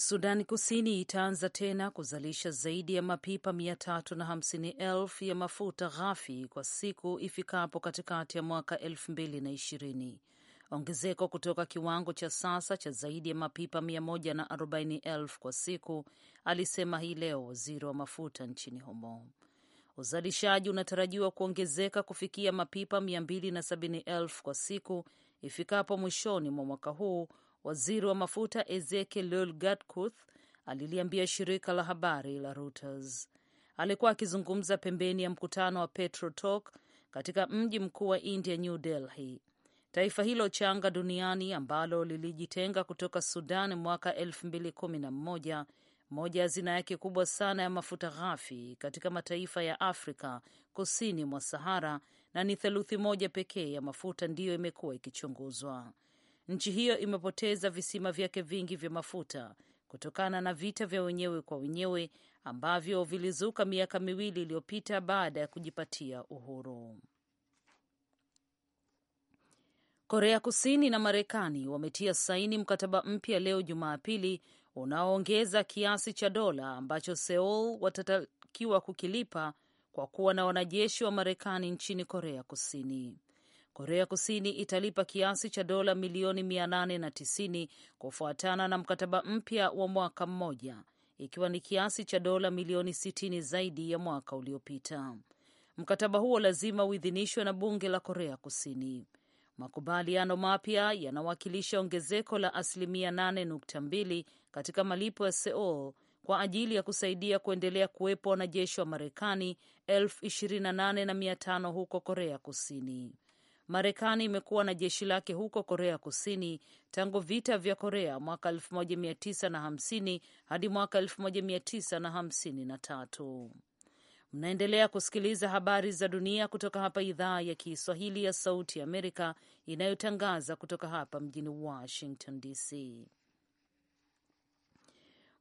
Sudani Kusini itaanza tena kuzalisha zaidi ya mapipa mia tatu na hamsini ya mafuta ghafi kwa siku ifikapo katikati ya mwaka elfu mbili na ishirini ongezeko kutoka kiwango cha sasa cha zaidi ya mapipa mia moja na arobaini kwa siku, alisema hii leo waziri wa mafuta nchini humo. Uzalishaji unatarajiwa kuongezeka kufikia mapipa mia mbili na sabini kwa siku ifikapo mwishoni mwa mwaka huu, Waziri wa mafuta Ezekiel Gatkuth aliliambia shirika la habari la Reuters alikuwa akizungumza pembeni ya mkutano wa Petrotok katika mji mkuu wa India, New Delhi. Taifa hilo changa duniani ambalo lilijitenga kutoka Sudan mwaka 2011 moja ya zina yake kubwa sana ya mafuta ghafi katika mataifa ya Afrika kusini mwa Sahara, na ni theluthi moja pekee ya mafuta ndiyo imekuwa ikichunguzwa. Nchi hiyo imepoteza visima vyake vingi vya mafuta kutokana na vita vya wenyewe kwa wenyewe ambavyo vilizuka miaka miwili iliyopita baada ya kujipatia uhuru. Korea Kusini na Marekani wametia saini mkataba mpya leo Jumapili unaoongeza kiasi cha dola ambacho Seoul watatakiwa kukilipa kwa kuwa na wanajeshi wa Marekani nchini Korea Kusini. Korea Kusini italipa kiasi cha dola milioni 890 kufuatana na mkataba mpya wa mwaka mmoja, ikiwa ni kiasi cha dola milioni 60 zaidi ya mwaka uliopita. Mkataba huo lazima uidhinishwe na bunge la Korea Kusini. Makubaliano mapya yanawakilisha ongezeko la asilimia 8.2 katika malipo ya Seoul kwa ajili ya kusaidia kuendelea kuwepo wanajeshi wa Marekani 28,500 huko Korea Kusini. Marekani imekuwa na jeshi lake huko Korea Kusini tangu vita vya Korea mwaka 1950 hadi mwaka 1953. Mnaendelea kusikiliza habari za dunia kutoka hapa idhaa ya Kiswahili ya Sauti ya Amerika inayotangaza kutoka hapa mjini Washington DC.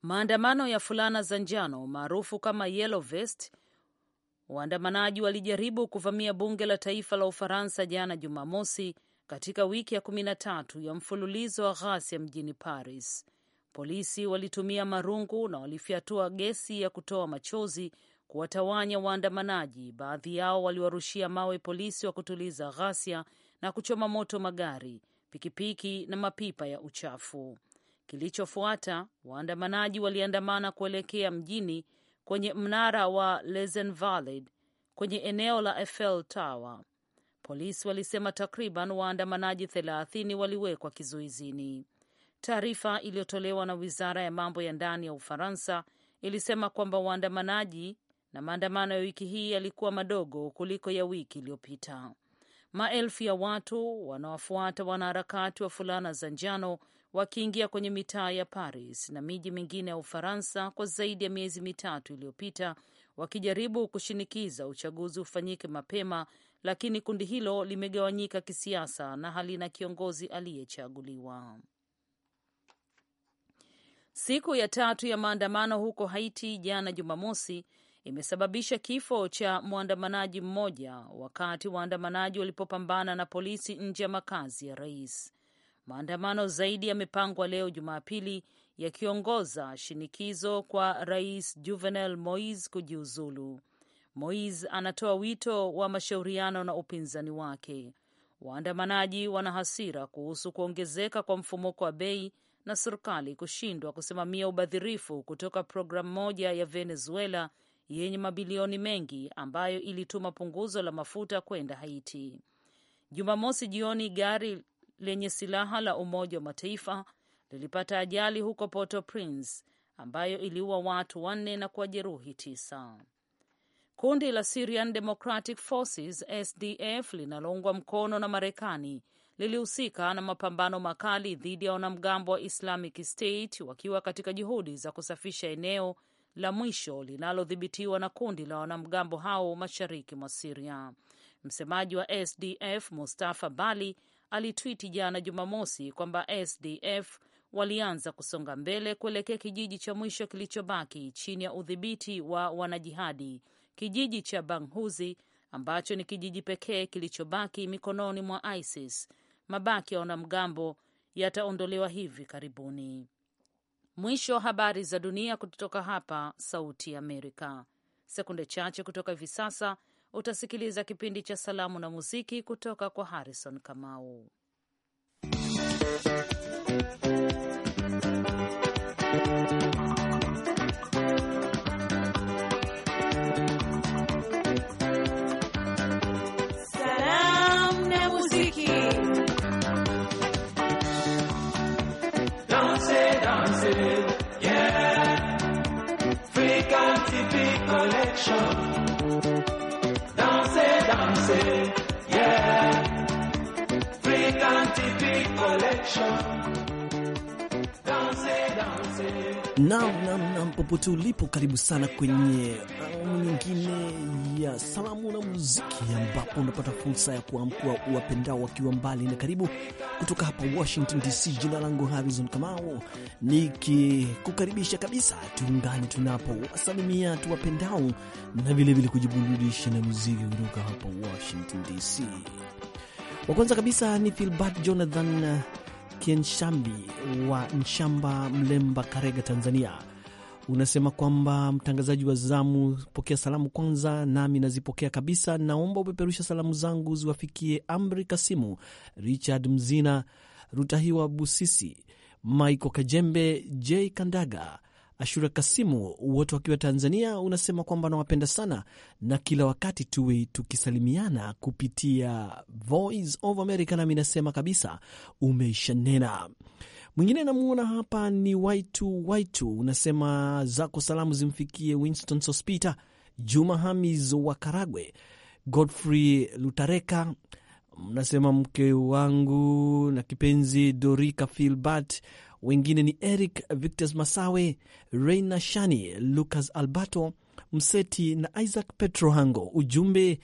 Maandamano ya fulana za njano maarufu kama yellow vest Waandamanaji walijaribu kuvamia bunge la taifa la Ufaransa jana Jumamosi, katika wiki ya kumi na tatu ya mfululizo wa ghasia mjini Paris. Polisi walitumia marungu na walifyatua gesi ya kutoa machozi kuwatawanya waandamanaji. Baadhi yao waliwarushia mawe polisi wa kutuliza ghasia na kuchoma moto magari, pikipiki na mapipa ya uchafu. Kilichofuata, waandamanaji waliandamana kuelekea mjini kwenye mnara wa Lazenvalid kwenye eneo la Eiffel Tower. Polisi walisema takriban waandamanaji 30 waliwekwa kizuizini. Taarifa iliyotolewa na wizara ya mambo ya ndani ya Ufaransa ilisema kwamba waandamanaji na maandamano ya wiki hii yalikuwa madogo kuliko ya wiki iliyopita. Maelfu ya watu wanawafuata wanaharakati wa fulana za njano wakiingia kwenye mitaa ya Paris na miji mingine ya Ufaransa kwa zaidi ya miezi mitatu iliyopita wakijaribu kushinikiza uchaguzi ufanyike mapema, lakini kundi hilo limegawanyika kisiasa na halina kiongozi aliyechaguliwa. Siku ya tatu ya maandamano huko Haiti jana Jumamosi imesababisha kifo cha mwandamanaji mmoja wakati waandamanaji walipopambana na polisi nje ya makazi ya rais. Maandamano zaidi yamepangwa leo Jumapili, yakiongoza shinikizo kwa rais Juvenal Moise kujiuzulu. Moise anatoa wito wa mashauriano na upinzani wake. Waandamanaji wana hasira kuhusu kuongezeka kwa mfumuko wa bei na serikali kushindwa kusimamia ubadhirifu kutoka programu moja ya Venezuela yenye mabilioni mengi ambayo ilituma punguzo la mafuta kwenda Haiti. Jumamosi jioni, gari lenye silaha la Umoja wa Mataifa lilipata ajali huko porto prince ambayo iliua watu wanne na kuwajeruhi tisa. Kundi la Syrian Democratic Forces SDF linaloungwa mkono na Marekani lilihusika na mapambano makali dhidi ya wanamgambo wa Islamic State wakiwa katika juhudi za kusafisha eneo la mwisho linalodhibitiwa na kundi la wanamgambo hao mashariki mwa Siria. Msemaji wa SDF Mustafa Bali alitwiti jana Jumamosi kwamba SDF walianza kusonga mbele kuelekea kijiji cha mwisho kilichobaki chini ya udhibiti wa wanajihadi, kijiji cha Banghuzi ambacho ni kijiji pekee kilichobaki mikononi mwa ISIS. Mabaki ya wanamgambo yataondolewa hivi karibuni. Mwisho wa habari za dunia kutoka hapa Sauti Amerika. Sekunde chache kutoka hivi sasa utasikiliza kipindi cha salamu na muziki kutoka kwa Harrison Kamau. Nam, nam, nam, popote ulipo, karibu sana kwenye awamu um, nyingine ya salamu na muziki, ambapo unapata fursa ya kuamkua uwapendao wakiwa mbali na karibu, kutoka hapa Washington DC. Jina langu Harrison Kamau, nikikukaribisha kabisa, tuungane tunapo wasalimia tuwapendao na vilevile kujiburudisha na muziki kutoka hapa Washington DC. Wa kwanza kabisa ni Filbert Jonathan Kienshambi wa Nshamba, Mlemba, Karega, Tanzania. Unasema kwamba mtangazaji wa zamu, pokea salamu kwanza, nami nazipokea kabisa. Naomba upeperusha salamu zangu ziwafikie Amri Kasimu, Richard Mzina, Rutahiwa Busisi, Maiko Kajembe, J Kandaga, Ashura Kasimu, wote wakiwa Tanzania, unasema kwamba nawapenda sana na kila wakati tuwe tukisalimiana kupitia Voice of America, nami nasema kabisa umeisha nena. Mwingine namuona hapa ni Waitu Waitu, unasema zako salamu zimfikie Winston Sospita, Juma Hamis wa Karagwe, Godfrey Lutareka, mnasema mke wangu na kipenzi Dorika Filbert wengine ni Eric Victos Masawe, Reina Shani, Lucas Alberto Mseti na Isaac Petro Hango. Ujumbe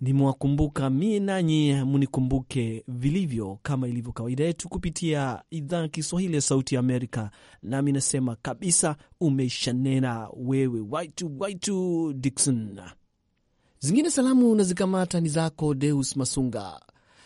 nimewakumbuka mie, nanyi munikumbuke vilivyo, kama ilivyo kawaida yetu kupitia idhaa ya Kiswahili ya Sauti ya Amerika. Nami nasema kabisa, umeshanena wewe, waitu waitu Dikson. Zingine salamu na zikamata ni zako Deus Masunga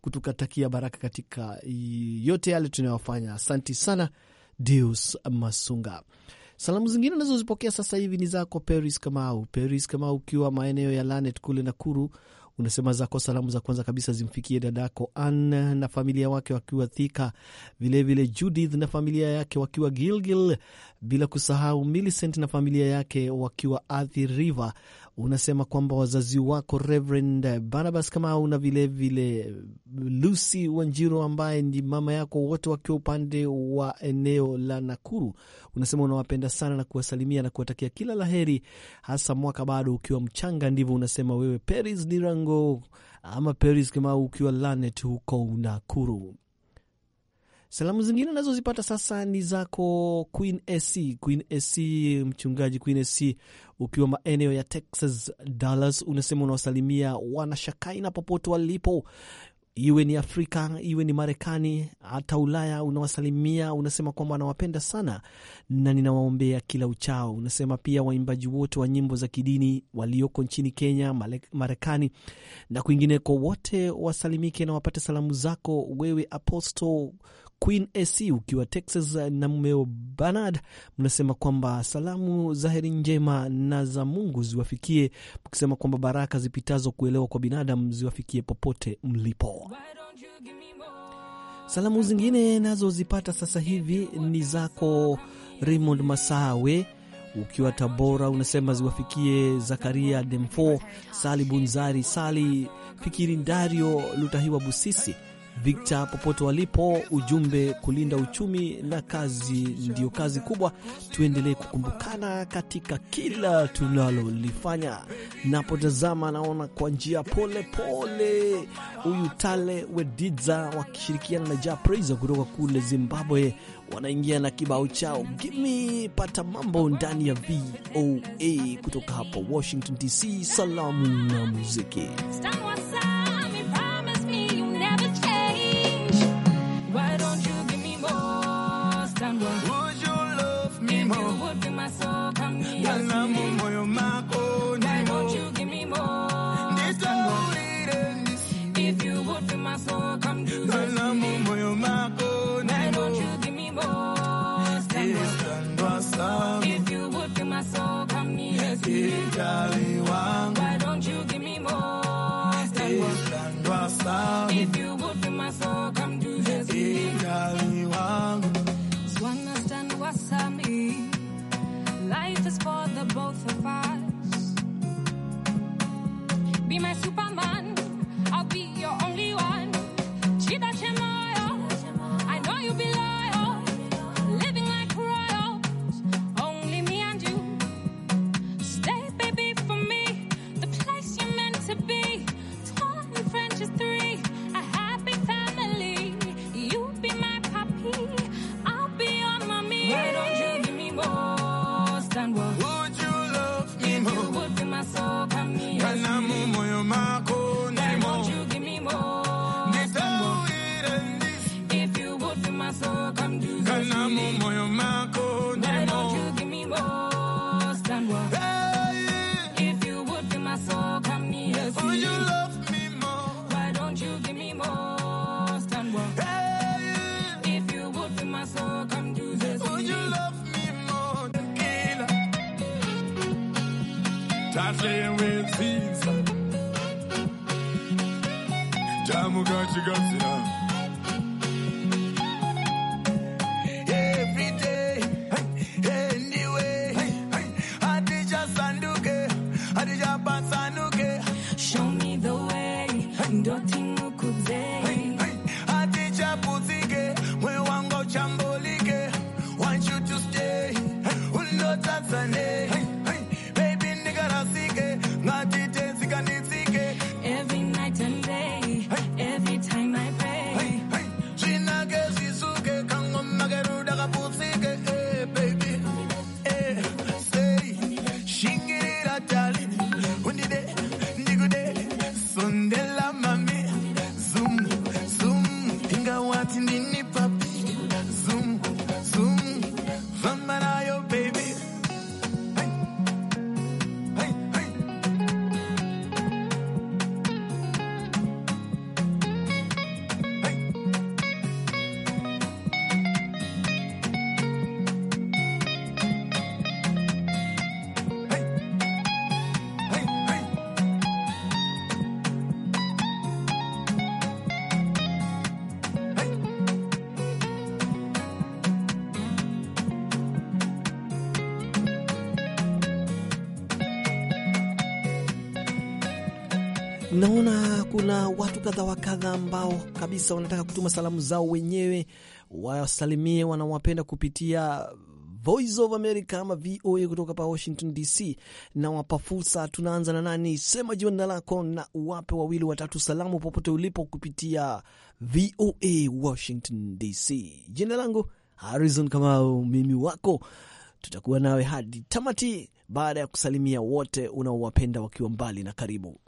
kutukatakia baraka katika yote yale tunayofanya. Asanti sana Deus Masunga. Salamu zingine unazozipokea sasa hivi ni zako Peris Kamau. Peris Kamau, ukiwa maeneo ya Lanet kule Nakuru, unasema zako salamu za kwanza kabisa zimfikie dadako Ann na familia wake wakiwa Thika, vilevile Judith na familia yake wakiwa Gilgil, bila kusahau Millicent na familia yake wakiwa Athi River unasema kwamba wazazi wako Reverend Barnabas Kamau na vilevile Lucy Wanjiro ambaye ni mama yako, wote wakiwa upande wa eneo la Nakuru. Unasema unawapenda sana na kuwasalimia na kuwatakia kila laheri, hasa mwaka bado ukiwa mchanga. Ndivyo unasema wewe, Peris nirango ama Peris Kamau, ukiwa Lanet huko Nakuru. Salamu zingine nazozipata sasa ni zako Queen AC. Queen AC, mchungaji Queen AC ukiwa maeneo ya Texas, Dallas, unasema unawasalimia wanashakaina popote walipo iwe ni Afrika, iwe ni Marekani, hata Ulaya, unawasalimia unasema kwamba anawapenda sana na ninawaombea kila uchao. Unasema pia waimbaji wote wa nyimbo za kidini walioko nchini Kenya, Marekani na kwingineko, wote wasalimike na wapate salamu zako wewe, Apostle Queen AC ukiwa Texas na mmeo Bernard, mnasema kwamba salamu za heri njema na za Mungu ziwafikie, mkisema kwamba baraka zipitazo kuelewa kwa binadamu ziwafikie popote mlipo. Salamu zingine nazozipata sasa hivi ni zako Raymond Masawe ukiwa Tabora, unasema ziwafikie Zakaria Demfo, Sali Bunzari, Sali Fikiri, Dario Lutahiwa Busisi, Victor popote walipo, ujumbe kulinda uchumi na kazi ndiyo kazi kubwa. Tuendelee kukumbukana katika kila tunalolifanya. Napotazama naona kwa njia pole pole, huyu Tale wediza wakishirikiana na Ja kutoka kule Zimbabwe wanaingia na kibao chao gimi pata mambo ndani ya VOA kutoka hapa Washington DC. Salamu na muziki Stamwasa. survive. Naona kuna watu kadha wa kadha ambao kabisa wanataka kutuma salamu zao wenyewe wasalimie wanawapenda kupitia Voice of America ama VOA kutoka pa Washington DC, na wapa fursa. Tunaanza na nani? Sema jina lako na uwape wawili watatu salamu popote ulipo kupitia VOA Washington DC. Jina langu Harrison Kamau, mimi wako, tutakuwa nawe hadi tamati, baada ya kusalimia wote unaowapenda wakiwa mbali na karibu.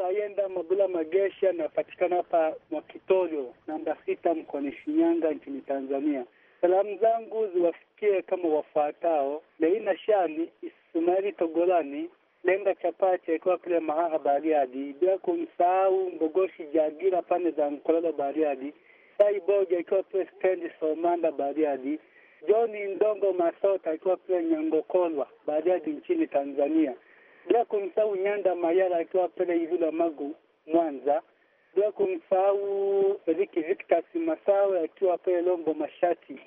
Sayenda Mabula Magesha, napatikana hapa Mwakitolio namba sita mkoani Shinyanga nchini Tanzania. Salamu zangu ziwafikie kama wafuatao: Leina shani Ismaili Togolani, Lenga Chapache akiwa pale Mahaha Bariadi, bila kumsahau Mbogoshi Jagira pande za Mkololo Bariadi, Sai akiwa pale stendi Somanda Bariadi, Johni Ndongo Masota akiwa pale Nyangokolwa Bariadi nchini Tanzania bila kumsahau Nyanda Mayara akiwa pale Ivula Magu Mwanza, bila kumsahau Eriki Victas Masawe akiwa pale Lombo Mashati,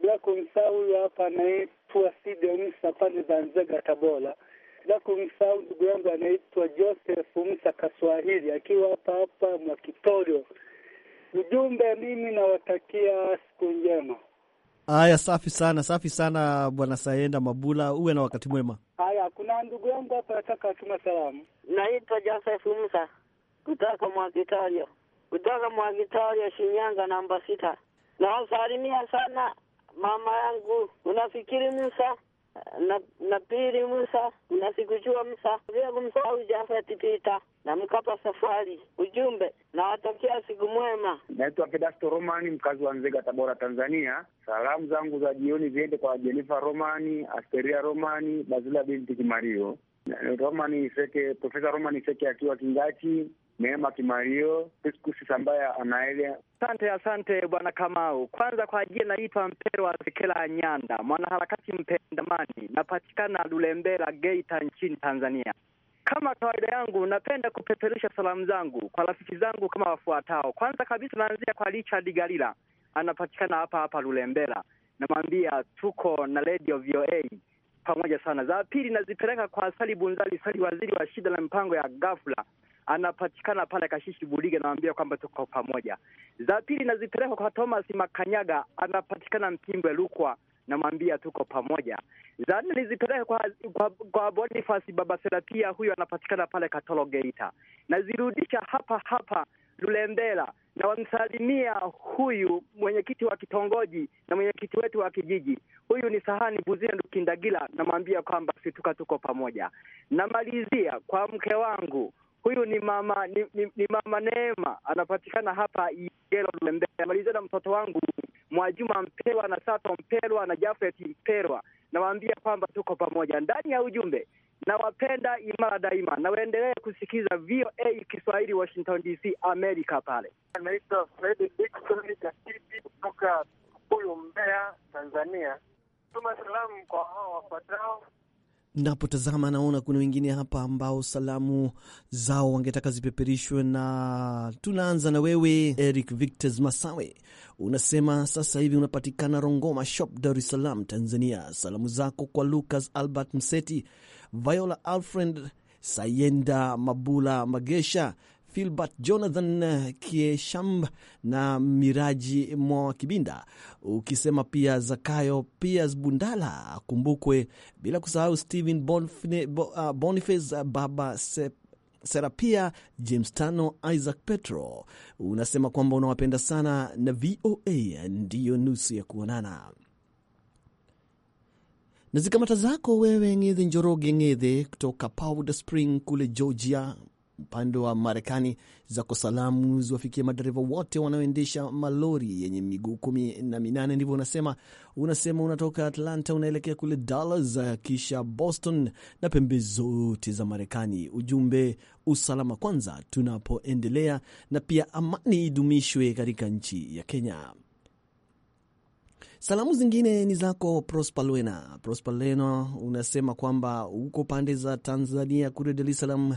bila kumsahau huyo hapa anaitwa Side Musa pande za Nzega Tabora, bila kumsahau ndugu yangu anaitwa Joseph Musa Kaswahili akiwa hapa hapa Mwakitorio. Ujumbe, mimi nawatakia siku njema. aya safi sana, safi sana bwana Sayenda Mabula, uwe na wakati mwema kuna ndugu yangu hapa nataka atuma salamu. Naitwa Joseph Musa kutoka Mwakitorio, kutoka Mwakitorio Shinyanga, namba sita. Nawasalimia sana mama yangu unafikiri Musa na, na pili Musa sikujua Musa vile kumsahau Jafet Pita na Mkapa Safari. Ujumbe nawatakia siku mwema. Naitwa Pedasto Romani, mkazi wa Nzega, Tabora, Tanzania. Salamu zangu za jioni ziende kwa Jenifa Romani, Asteria Romani, Bazila binti Kimario, Romani Seke, Profesa Romani Seke akiwa Kingati, Neema Kimario, Priscus Sambaya Anaelia. Asante, asante bwana Kamau. Kwanza kwa ajili, naitwa wa Sekela Nyanda, mwanaharakati mpendamani, napatikana Lulembela, Geita nchini Tanzania. Kama kawaida yangu, napenda kupeperusha salamu zangu kwa rafiki zangu kama wafuatao. Kwanza kabisa, naanzia kwa Richard Galila, anapatikana hapa hapa Lulembela, namwambia tuko na Radio VOA pamoja sana. Za pili nazipeleka kwa Sali Bunzali Sali, waziri wa shida na mipango ya ghafla anapatikana pale Kashishi Bulige, namwambia kwamba tuko pamoja. Za pili nazipeleka kwa Thomas Makanyaga, anapatikana Mpimbwe Lukwa, namwambia tuko pamoja. Za nne nizipeleke kwa, kwa, kwa Boniface Baba Serapia, huyu anapatikana pale Katoro Geita. Nazirudisha hapa hapa Lulembela na wamsalimia huyu mwenyekiti wa kitongoji na mwenyekiti wetu wa kijiji. Huyu ni Sahani Buzia Ndukindagila, namwambia kwamba situka tuko pamoja. Namalizia kwa mke wangu Huyu ni mama ni, ni, ni mama Neema, anapatikana hapa Igelo Lembea. Amaliza na mtoto wangu Mwajuma Mpelwa na Sato Mpelwa na Jafet Mpelwa, nawaambia kwamba tuko pamoja ndani ya ujumbe. Nawapenda imara daima, nawaendelee kusikiza VOA Kiswahili, Washington DC, Amerika. Pale anaitwa Fredi Dikson Katiti kutoka huyu Mbeya, Tanzania. Tuma salamu kwa hao wafuatao napotazama naona kuna wengine hapa ambao salamu zao wangetaka zipeperishwe, na tunaanza na wewe Eric Victos Masawe. Unasema sasa hivi unapatikana Rongoma Shop, Dar es Salaam, Tanzania. Salamu zako kwa Lucas Albert Mseti, Viola Alfred Sayenda Mabula Magesha Filbert Jonathan Kieshamb na Miraji Mwa Kibinda, ukisema pia Zakayo Pias Bundala akumbukwe, bila kusahau Stephen uh, Boniface, Baba Sep Serapia James Tano, Isaac Petro. Unasema kwamba unawapenda sana na VOA ndiyo nusu ya kuonana na zikamata zako. Wewe Ngedhe Njoroge Ngedhe kutoka Powder Spring kule Georgia, upande wa Marekani zako salamu ziwafikie madereva wote wanaoendesha malori yenye miguu kumi na minane, ndivyo unasema. Unasema unatoka Atlanta unaelekea kule Dallas, kisha Boston na pembe zote za Marekani. Ujumbe usalama kwanza tunapoendelea, na pia amani idumishwe katika nchi ya Kenya. Salamu zingine ni zako Prospalwena. Prospalwena unasema kwamba huko pande za Tanzania kule Dar es Salaam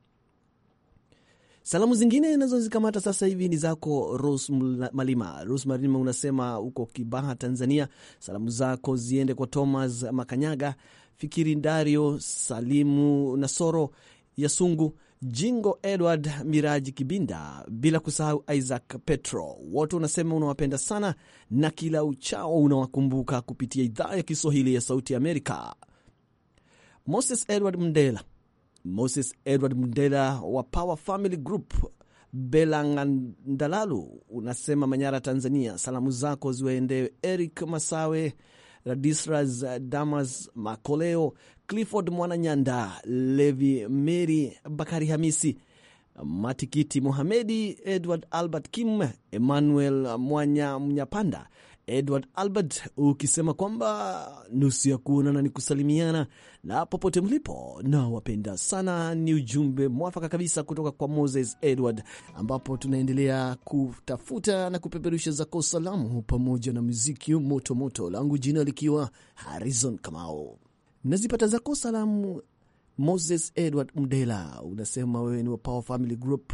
Salamu zingine nazozikamata sasa hivi ni zako ros Malima. ros Malima unasema uko Kibaha, Tanzania. Salamu zako ziende kwa Thomas Makanyaga, Fikiri Ndario, Salimu Nasoro, Yasungu Jingo, Edward Miraji Kibinda, bila kusahau Isaac Petro. Wote unasema unawapenda sana na kila uchao unawakumbuka kupitia idhaa ya Kiswahili ya Sauti Amerika. Moses Edward Mndela Moses Edward Mndela wa Power Family Group Belangandalalu unasema Manyara, Tanzania. Salamu zako ziwaendee Eric Masawe, Radisras Damas Makoleo, Clifford Mwananyanda, Levi Meri, Bakari Hamisi, Matikiti Mohamedi, Edward Albert Kim, Emmanuel Mwanya Mnyapanda, Edward Albert ukisema kwamba nusu ya kuonana ni kusalimiana na popote mlipo na wapenda sana. Ni ujumbe mwafaka kabisa kutoka kwa Moses Edward, ambapo tunaendelea kutafuta na kupeperusha zako salamu pamoja na muziki moto moto, langu jina likiwa Harrison Kamao. Nazipata zako salamu Moses Edward Mdela, unasema wewe ni wa Power Family Group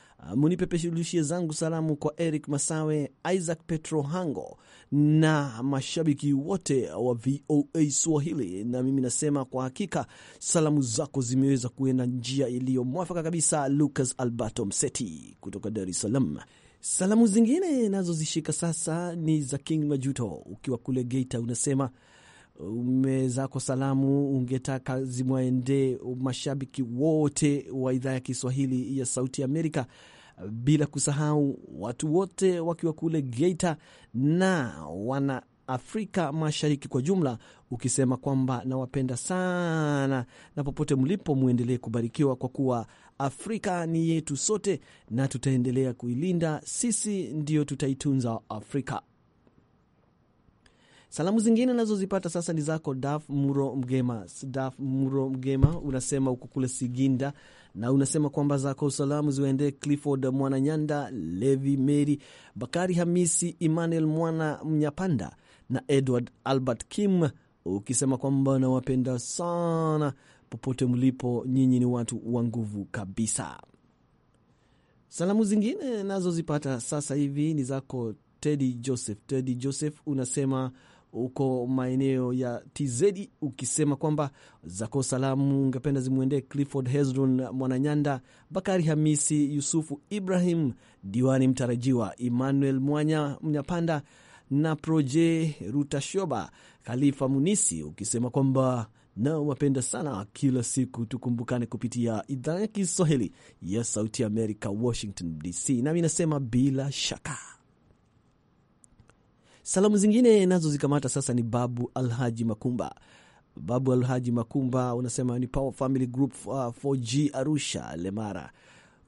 Ah, munipepeshulishie zangu salamu kwa Eric Masawe, Isaac Petro Hango na mashabiki wote wa VOA Swahili. Na mimi nasema kwa hakika salamu zako zimeweza kuenda njia iliyomwafaka kabisa. Lucas Alberto Mseti kutoka Dar es Salaam. Salamu zingine nazozishika sasa ni za King Majuto, ukiwa kule Geita, unasema umezako salamu ungetaka zimwaende mashabiki wote wa idhaa ya Kiswahili ya Sauti Amerika, bila kusahau watu wote wakiwa kule Geita na wana Afrika Mashariki kwa jumla, ukisema kwamba nawapenda sana na popote mlipo mwendelee kubarikiwa, kwa kuwa Afrika ni yetu sote na tutaendelea kuilinda. Sisi ndio tutaitunza Afrika. Salamu zingine nazozipata sasa ni zako Daf Muro Mgema. Daf Muro Mgema unasema uko kule Siginda na unasema kwamba zako salamu ziwaendee Clifford Mwananyanda, Levi Meri, Bakari Hamisi, Emmanuel Mwana Mnyapanda na Edward Albert Kim, ukisema kwamba nawapenda sana popote mlipo, nyinyi ni watu wa nguvu kabisa. Salamu zingine nazozipata sasa hivi ni zako Tedi Joseph. Tedi Joseph unasema huko maeneo ya TZ, ukisema kwamba zako salamu ungependa zimwendee Clifford Hezron Mwananyanda, Bakari Hamisi, Yusufu Ibrahim, diwani mtarajiwa Emmanuel Mwanya Mnyapanda na Proje Rutashoba, Khalifa Munisi, ukisema kwamba nao wapenda sana kila siku tukumbukane kupitia idhaa ya Kiswahili ya Sauti ya Amerika, Washington DC. Nami nasema bila shaka Salamu zingine nazo zikamata sasa ni Babu Alhaji Makumba. Babu Alhaji Makumba unasema ni Power Family Group 4G uh, Arusha Lemara.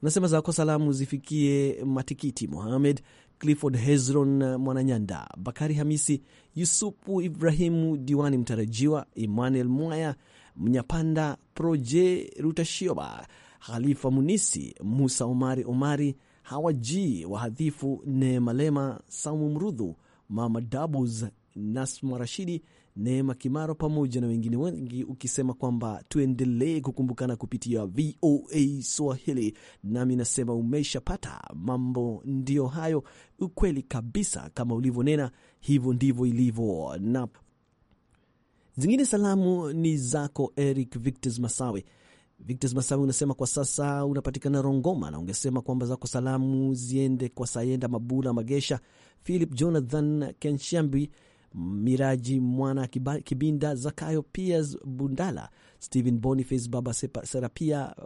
Unasema zako salamu zifikie Matikiti Mohamed, Clifford Hezron uh, Mwananyanda, Bakari Hamisi, Yusufu Ibrahimu Diwani mtarajiwa, Emmanuel Mwaya Mnyapanda, Proje Rutashioba, halifa Munisi, Musa Omari Omari, Hawaji Wahadhifu, Neemalema, Saumu Mrudhu, Mama Doubles, Nasma Rashidi, Neema Kimaro pamoja na wengine wengi, ukisema kwamba tuendelee kukumbukana kupitia VOA Swahili. Nami nasema umeshapata mambo, ndiyo hayo. Ukweli kabisa, kama ulivyonena, hivyo ndivyo ilivyo. Na zingine salamu ni zako Eric Victos Masawe Victos Masawi unasema kwa sasa unapatikana Rongoma, na ungesema kwamba zako salamu ziende kwa Sayenda Mabula Magesha, Philip Jonathan Kenshambi, Miraji Mwana Kibinda, Zakayo Piers Bundala, Stephen Boniface, Baba Serapia,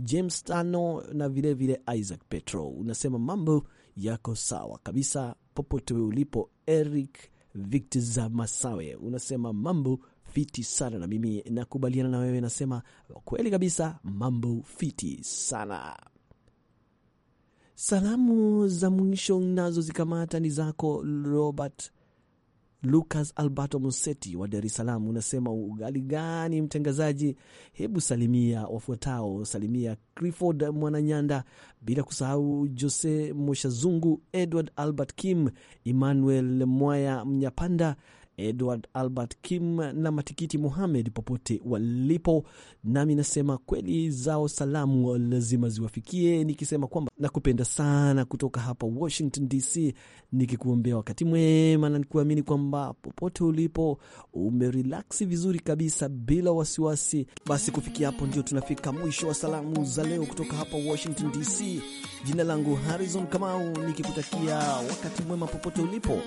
James Tano na vilevile vile Isaac Petro. Unasema mambo yako sawa kabisa popote ulipo. Eric Victos Masawe unasema mambo fiti sana, na mimi nakubaliana na wewe, nasema kweli kabisa, mambo fiti sana. Salamu za mwisho nazo zikamata ni zako Robert Lucas Alberto Museti wa Dar es Salaam, unasema ugali gani mtangazaji? Hebu salimia wafuatao, salimia Clifford Mwananyanda, bila kusahau Jose Moshazungu, Edward Albert Kim, Emmanuel Mwaya Mnyapanda, Edward Albert Kim na Matikiti muhamed popote walipo, nami nasema kweli zao salamu lazima ziwafikie, nikisema kwamba nakupenda sana kutoka hapa Washington DC, nikikuombea wakati mwema na nikuamini kwamba popote ulipo umerilaksi vizuri kabisa bila wasiwasi. Basi kufikia hapo ndio tunafika mwisho wa salamu za leo kutoka hapa Washington DC. Jina langu Harrison Kamau, nikikutakia wakati mwema popote ulipo,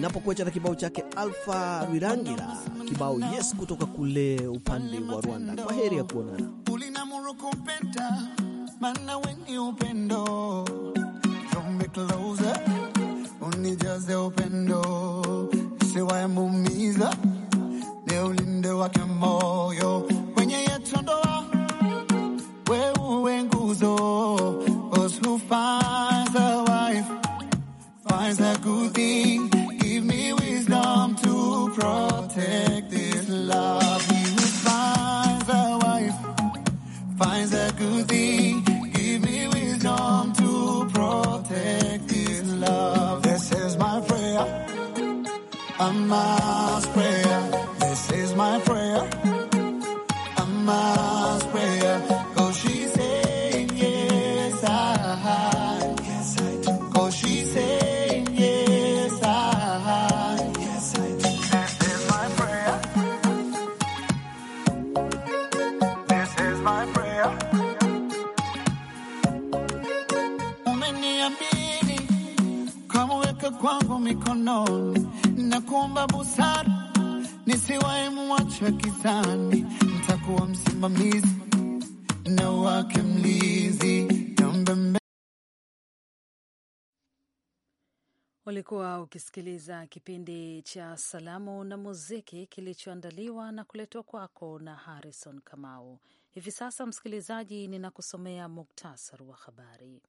napokuacha na kibao chake Alf Christopher Birangira kibao yes kutoka kule upande wa Rwanda. Kwa heri ya kuonana. Unijaze upendo, siwaye muumiza, ni ulinde wake mola kuomba busara, nisiwae mwacha kisani, ntakuwa msimamizi na wake mlizi Ulikuwa ukisikiliza kipindi cha salamu na muziki kilichoandaliwa na kuletwa kwako na Harrison Kamau. Hivi sasa, msikilizaji, ninakusomea muktasar wa habari.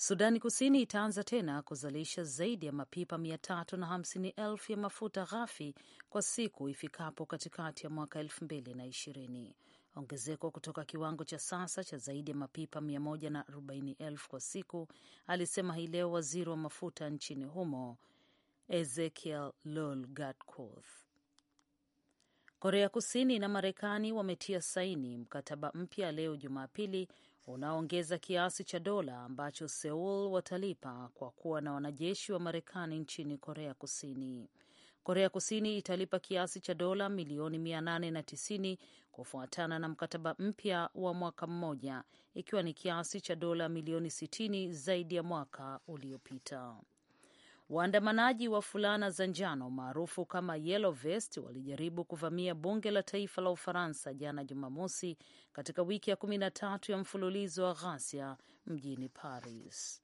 Sudani Kusini itaanza tena kuzalisha zaidi ya mapipa 350,000 ya mafuta ghafi kwa siku ifikapo katikati ya mwaka 2020, ongezeko kutoka kiwango cha sasa cha zaidi ya mapipa 140,000 kwa siku, alisema hii leo waziri wa mafuta nchini humo Ezekiel Lol Gatkuoth. Korea Kusini na Marekani wametia saini mkataba mpya leo Jumapili unaongeza kiasi cha dola ambacho seul watalipa kwa kuwa na wanajeshi wa Marekani nchini Korea Kusini. Korea Kusini italipa kiasi cha dola milioni 890 kufuatana na mkataba mpya wa mwaka mmoja, ikiwa ni kiasi cha dola milioni 60 zaidi ya mwaka uliopita. Waandamanaji wa fulana za njano maarufu kama yellow vest walijaribu kuvamia bunge la taifa la Ufaransa jana Jumamosi, katika wiki ya kumi na tatu ya mfululizo wa ghasia mjini Paris.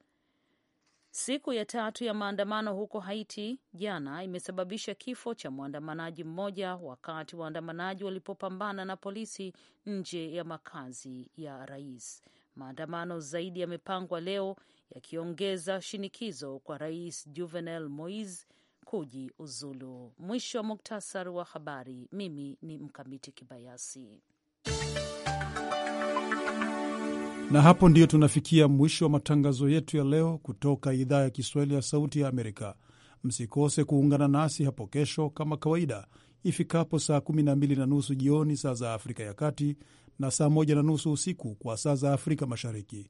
Siku ya tatu ya maandamano huko Haiti jana imesababisha kifo cha mwandamanaji mmoja wakati waandamanaji walipopambana na polisi nje ya makazi ya rais. Maandamano zaidi yamepangwa leo yakiongeza shinikizo kwa Rais Juvenal Moise uzulu Mwisho wa muktasari wa habari. Mimi ni Mkamiti Kibayasi, na hapo ndiyo tunafikia mwisho wa matangazo yetu ya leo kutoka idhaa ya Kiswahili ya Sauti ya Amerika. Msikose kuungana nasi hapo kesho kama kawaida ifikapo saa 12 na nusu jioni saa za Afrika ya Kati na saa 1 na nusu usiku kwa saa za Afrika Mashariki.